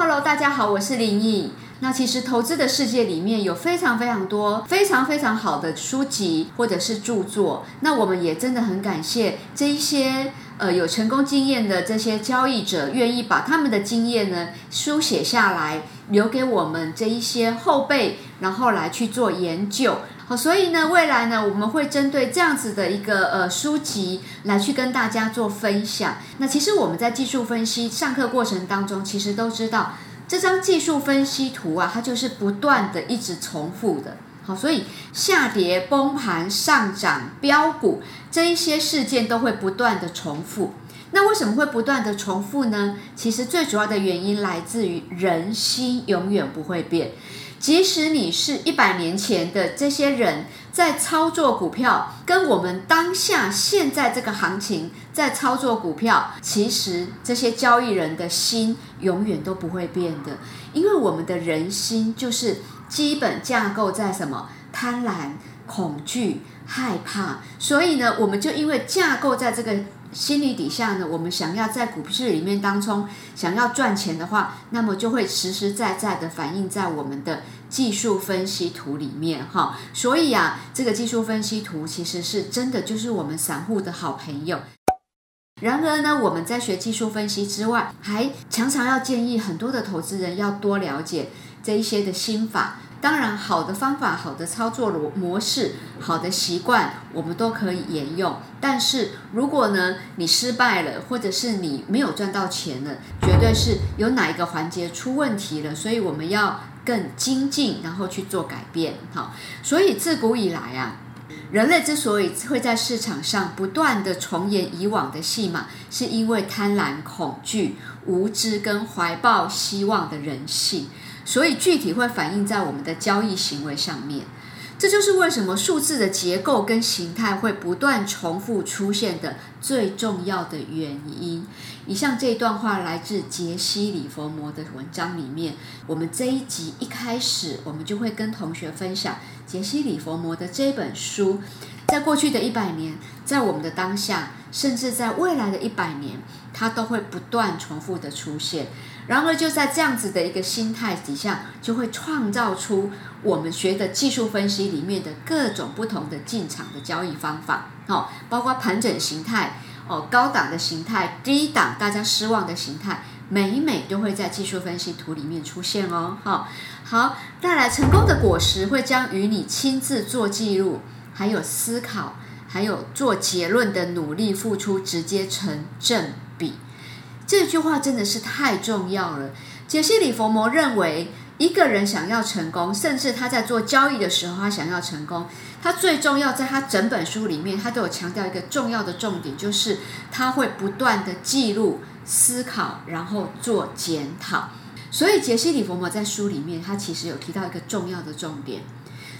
哈嘍，大家好，我是林穎。那其實投資的世界裡面有非常非常多、非常非常好的書籍或者是著作。那我們也真的很感謝這一些呃有成功經驗的這些交易者，願意把他們的經驗呢書寫下來。留給我們這一些後輩，然後來去做研究。好，所以呢，未來呢，我們會針對這樣子的一個呃書籍來去跟大家做分享。那其實我們在技術分析上課過程當中，其實都知道這張技術分析圖啊，它就是不斷的一直重複的。所以下跌、崩盤、上漲、飆股，這一些事件都會不斷的重複。那為什麼會不斷的重複呢？其實最主要的原因來自於人心永遠不會變。即使你是一百年前的這些人，在操作股票，跟我們當下現在這個行情在操作股票，其實這些交易人的心永遠都不會變的，因為我們的人心就是。基本架構在什麼？貪婪、恐懼、害怕。所以呢，我們就因為架構在這個心理底下呢，我們想要在股市裡面當中想要賺錢的話，那麼就會實實在在的反映在我們的技術分析圖裡面哈。所以啊，這個技術分析圖其實是真的就是我們散戶的好朋友。然而呢，我們在學技術分析之外，還常常要建議很多的投資人要多了解。這一些的心法，當然好的方法、好的操作模模式、好的習慣，我們都可以沿用。但是，如果呢你失敗了，或者是你沒有賺到錢了，絕對是有哪一個環節出問題了。所以，我們要更精進，然後去做改變。好，所以自古以來啊，人類之所以會在市場上不斷地重演以往的戲碼，是因為貪婪、恐懼、無知跟懷抱希望的人性。所以具體會反映在我們的交易行為上面，這就是為什麼數字的結構跟形態會不斷重複出現的最重要的原因。以上這一段話來自傑西·李佛摩的文章裡面。我們這一集一開始，我們就會跟同學分享傑西·李佛摩的這本書，在過去的一百年，在我們的當下，甚至在未來的一百年，它都會不斷重複的出現。然後就在這樣子的一個心態底下，就會創造出我們學的技術分析裡面的各種不同的進場的交易方法。哦，包括盤整形態，哦，高檔的形態，低檔大家失望的形態，每一每都會在技術分析圖裡面出現哦。好、哦，好，帶來成功的果實，會將與你親自做記錄，還有思考，還有做結論的努力付出直接成正比。這句話真的是太重要了。傑西·李佛摩認為，一個人想要成功，甚至他在做交易的時候，他想要成功，他最重要在他整本書裡面，他都有強調一個重要的重點，就是他會不斷的記錄、思考，然後做檢討。所以，傑西·李佛摩在書裡面，他其實有提到一個重要的重點：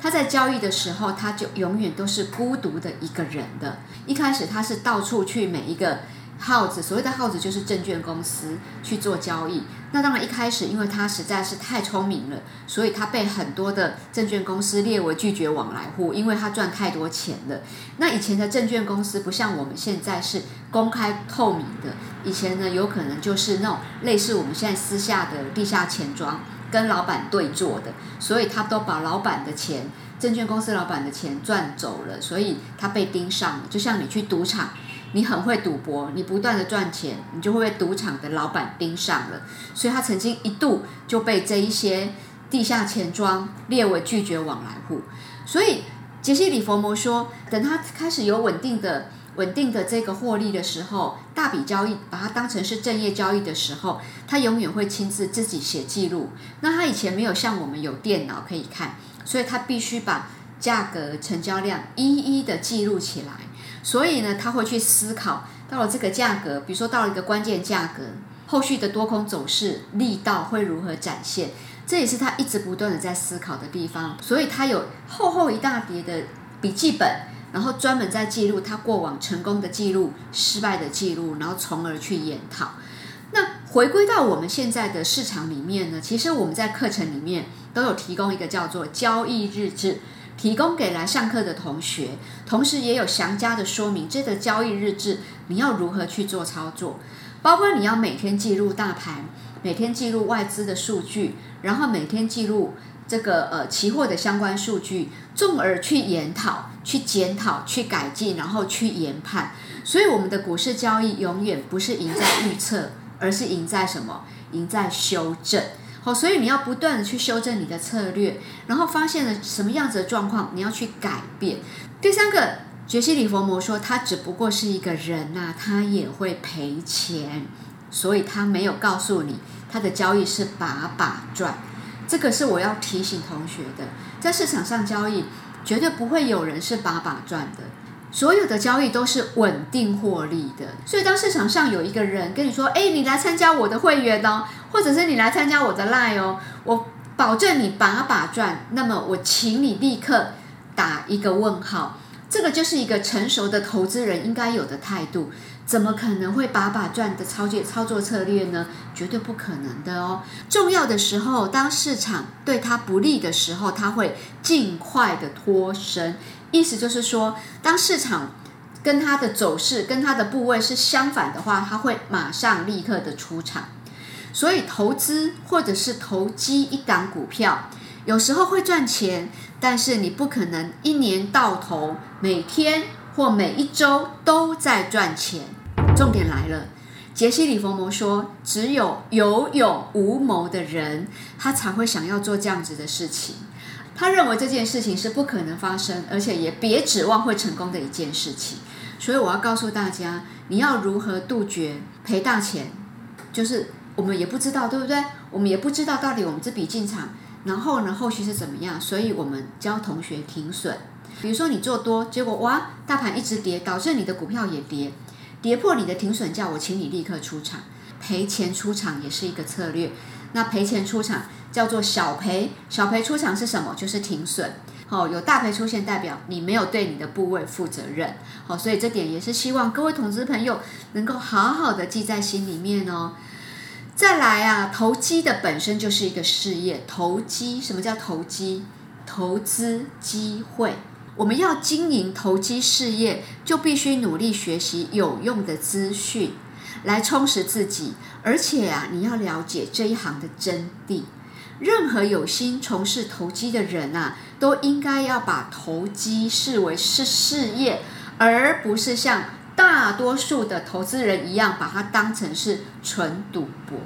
他在交易的時候，他就永遠都是孤獨的一個人的。一開始，他是到處去每一個。耗子，所謂的耗子就是證券公司，去做交易，那當然一開始，因為他實在是太聰明了，所以他被很多的證券公司列為拒絕往來戶，因為他賺太多錢了。那以前的證券公司不像我們現在是公開透明的，以前呢，有可能就是那種類似我們現在私下的地下錢莊，跟老闆對坐的，所以他都把老闆的錢，證券公司老闆的錢賺走了，所以他被盯上了，就像你去賭場。你很會賭博，你不斷的賺錢，你就會被賭場的老板盯上了，所以他曾經一度就被這一些地下錢莊列為拒絕往來戶。所以傑西·李佛摩說，等他開始有穩定的、穩定的這個獲利的時候，大筆交易把它當成是正業交易的時候，他永遠會親自自己寫記錄。那他以前沒有像我們有電腦可以看，所以他必須把價格、成交量一一的記錄起來。所以呢，他會去思考到了這個價格，比如說到了一個關鍵價格，後續的多空走勢力道會如何展現？這也是他一直不斷的在思考的地方。所以他有厚厚一大疊的筆記本，然後專門在記錄他過往成功的記錄、失敗的記錄，然後從而去研討。那回歸到我們現在的市場裡面呢，其實我們在課程裡面都有提供一個叫做交易日志。提供給來上課的同學，同時也有詳加的說明，這個交易日志你要如何去做操作，包括你要每天記錄大盤，每天記錄外資的數據，然後每天記錄這個呃期貨的相關數據，從而去研討、去檢討、去改進，然後去研判。所以我們的股市交易永遠不是贏在預測，而是贏在什麼？贏在修正。好，所以你要不斷的去修正你的策略，然後發現了什麼樣子的狀況，你要去改變。第三個，傑西李佛摩說，他只不過是一個人吶、啊，他也會賠錢，所以他沒有告訴你，他的交易是把把賺。這個是我要提醒同學的，在市場上交易絕對不會有人是把把賺的，所有的交易都是穩定獲利的。所以當市場上有一個人跟你說，誒，你來參加我的會員哦。或者是你來參加我的 LINE 哦，我保證你把把賺。那麼我請你立刻打一個問號。這個就是一個成熟的投資人應該有的態度。怎麼可能會把把賺的操作操作策略呢？絕對不可能的哦。重要的時候，當市場對它不利的時候，它會儘快的脫身。意思就是說，當市場跟它的走勢、跟它的部位是相反的話，它會馬上立刻的出場。所以投資或者是投機一檔股票，有時候會賺錢，但是你不可能一年到頭每天或每一周都在賺錢。重點來了，傑西·李佛摩說，只有有勇無謀的人，他才會想要做這樣子的事情。他認為這件事情是不可能發生，而且也別指望會成功的一件事情。所以我要告訴大家，你要如何杜絕賠大錢，就是。我們也不知道，對不對？我們也不知道到底我們這筆進場，然後呢，後續是怎麼樣？所以，我們教同學停損。比如說，你做多，結果哇，大盤一直跌，導致你的股票也跌，跌破你的停損價，叫我請你立刻出場，賠錢出場也是一個策略。那賠錢出場叫做小賠，小賠出場是什麼？就是停損。好，有大賠出現，代表你沒有對你的部位負責任。好，所以這點也是希望各位投資朋友能夠好好的記在心裡面哦。再來啊，投機的本身就是一個事業。投機，什麼叫投機？投資機會。我們要經營投機事業，就必須努力學習有用的資訊，來充實自己。而且啊，你要了解這一行的真諦。任何有心從事投機的人吶、啊，都應該要把投機視為是事業，而不是像。大多數的投資人一樣，把它當成是純賭博。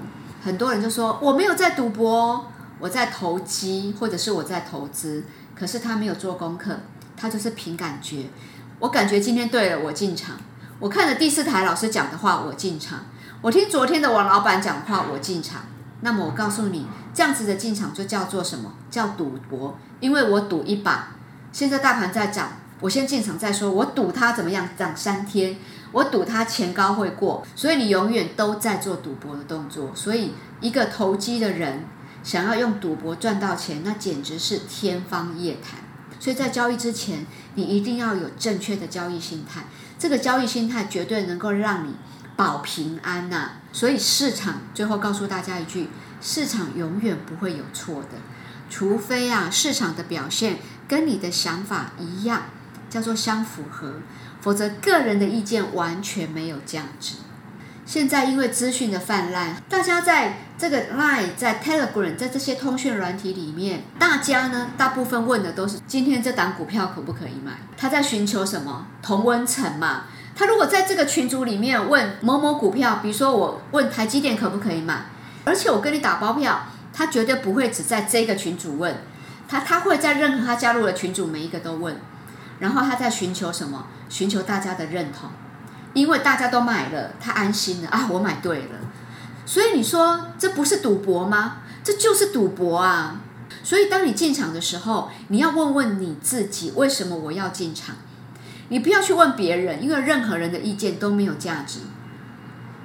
很多人就說：“我沒有在賭博，我在投機，或者是我在投資。”可是他沒有做功課，他就是憑感覺。我感覺今天對了，我進場；我看了第四台老師講的話，我進場；我聽昨天的王老闆講話，我進場。那麼我告訴你，這樣子的進場就叫做什麼叫賭博？因為我賭一把，現在大盤在漲。我先進場再說，我賭它怎麼樣漲三天，我賭它前高會過，所以你永遠都在做賭博的動作。所以一個投機的人想要用賭博賺到錢，那簡直是天方夜譚。所以在交易之前，你一定要有正確的交易心態，這個交易心態絕對能夠讓你保平安吶、啊。所以市場最後告訴大家一句：市場永遠不會有錯的，除非啊，市場的表現跟你的想法一樣，叫做相符合，否則個人的意見完全沒有價值。現在因為資訊的泛濫，大家在這個 LINE、在 Telegram、在這些通訊軟體裡面，大家呢，大部分問的都是今天這檔股票可不可以買。他在尋求什麼同溫層嘛？他如果在這個群組裡面問某某股票，比如說我問台積電可不可以買，而且我跟你打包票，他絕對不會只在這個群組問他，他會在任何他加入的群組每一個都問。然後他在尋求什麼？尋求大家的認同，因為大家都買了，他安心了啊，我買對了，所以你說這不是賭博嗎？這就是賭博啊！所以當你進場的時候，你要問問你自己，為什麼我要進場？你不要去問別人，因為任何人的意見都沒有價值。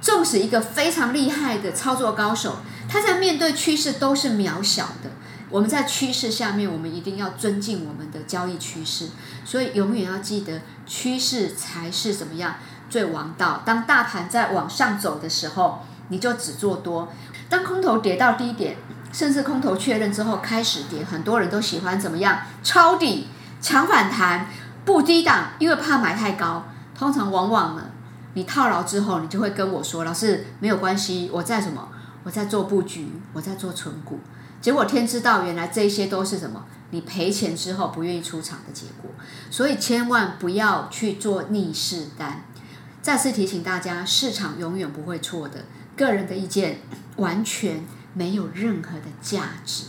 縱使一個非常厲害的操作高手，他在面對趨勢都是渺小的。我們在趨勢下面，我們一定要尊敬我們的交易趨勢，所以永遠要記得，趨勢才是怎麼樣最王道。當大盤在往上走的時候，你就只做多；當空頭跌到低點，甚至空頭確認之後開始跌，很多人都喜歡怎麼樣抄底搶反彈，不低檔，因為怕買太高。通常往往呢，你套牢之後，你就會跟我說：“老師，沒有關係，我在什麼？我在做布局，我在做存股。”結果天知道，原來這些都是什麼？你賠錢之後不願意出場的結果，所以千萬不要去做逆勢單。再次提醒大家，市場永遠不會錯的，個人的意見完全沒有任何的價值。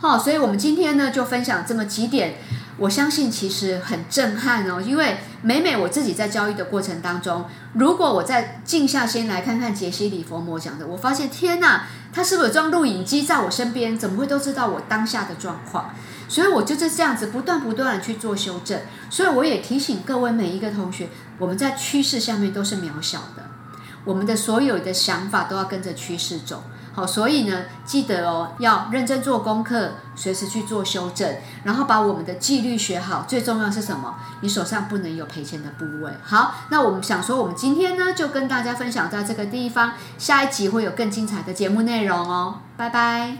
好，所以我們今天呢就分享這麼幾點，我相信其實很震撼哦，因為每每我自己在交易的過程當中，如果我再靜下心來看看杰西·李佛摩講的，我發現天哪！他是不是裝錄影機在我身邊？怎麼會都知道我當下的狀況？所以我就是這樣子不斷不斷的去做修正。所以我也提醒各位每一個同學，我們在趨勢下面都是渺小的，我們的所有的想法都要跟着趨勢走。好，所以呢，記得哦，要認真做功課，隨時去做修正，然後把我們的紀律學好。最重要是什麼？你手上不能有賠錢的部位。好，那我們想說，我們今天呢，就跟大家分享到這個地方，下一集會有更精彩的節目內容哦，拜拜。